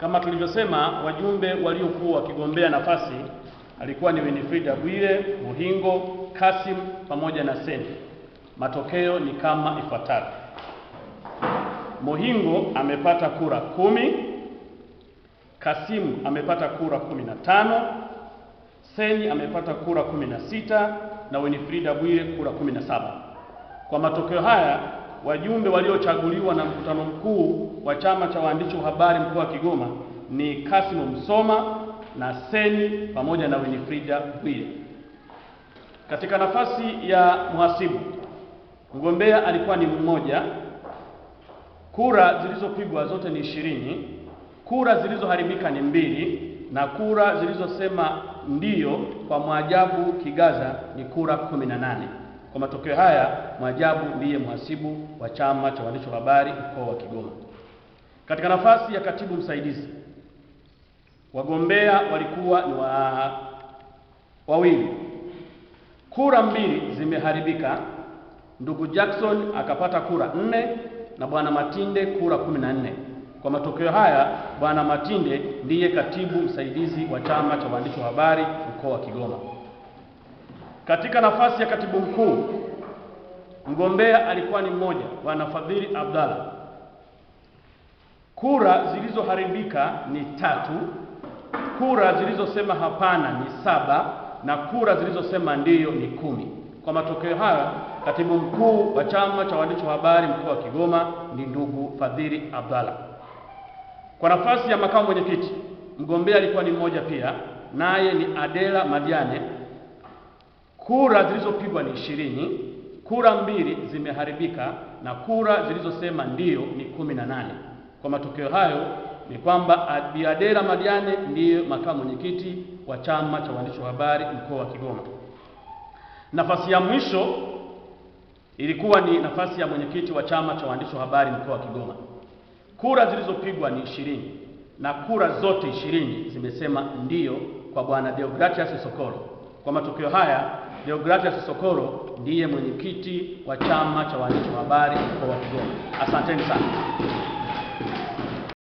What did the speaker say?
Kama tulivyosema, wajumbe waliokuwa wakigombea nafasi alikuwa ni Winifrida Bwire, Muhingo, Kasim pamoja na Seni. Matokeo ni kama ifuatavyo: Muhingo amepata kura kumi, Kasimu amepata kura kumi na tano, Seni amepata kura kumi na sita na Winifrida Bwire kura kumi na saba. Kwa matokeo haya wajumbe waliochaguliwa na mkutano mkuu wa chama cha waandishi wa habari mkoa wa Kigoma ni Kasimo Msoma na Seni pamoja na Winifrida Bwile. Katika nafasi ya mhasibu mgombea alikuwa ni mmoja. Kura zilizopigwa zote ni ishirini. Kura zilizoharibika ni mbili na kura zilizosema ndiyo kwa Mwajabu Kigaza ni kura kumi na nane. Kwa matokeo haya, Mwajabu ndiye mhasibu wa chama cha waandishi wa habari mkoa wa Kigoma. Katika nafasi ya katibu msaidizi, wagombea walikuwa ni wa wawili. Kura mbili zimeharibika, ndugu Jackson akapata kura nne na bwana Matinde kura kumi na nne. Kwa matokeo haya, bwana Matinde ndiye katibu msaidizi wa chama cha waandishi wa habari mkoa wa Kigoma. Katika nafasi ya katibu mkuu mgombea alikuwa ni mmoja, Bwana Fadhili Abdalla. Kura zilizoharibika ni tatu, kura zilizosema hapana ni saba na kura zilizosema ndiyo ni kumi. Kwa matokeo haya, katibu mkuu wa chama cha waandishi wa habari mkoa wa Kigoma ni ndugu Fadhili Abdalla. Kwa nafasi ya makamu mwenyekiti mgombea alikuwa ni mmoja pia, naye ni Adela Madiane Kura zilizopigwa ni ishirini, kura mbili zimeharibika na kura zilizosema ndiyo ni kumi na nane. Kwa matokeo hayo ni kwamba Bi Adela Madiane ndiyo makamu mwenyekiti wa chama cha waandishi wa habari mkoa wa Kigoma. Nafasi ya mwisho ilikuwa ni nafasi ya mwenyekiti wa chama cha waandishi wa habari mkoa wa Kigoma. Kura zilizopigwa ni ishirini na kura zote ishirini zimesema ndiyo kwa bwana Deogratias Sokolo. Kwa matokeo haya Deogratias Sokoro ndiye mwenyekiti wa chama cha waandishi wa habari mkoa wa Kigoma. Asanteni sana.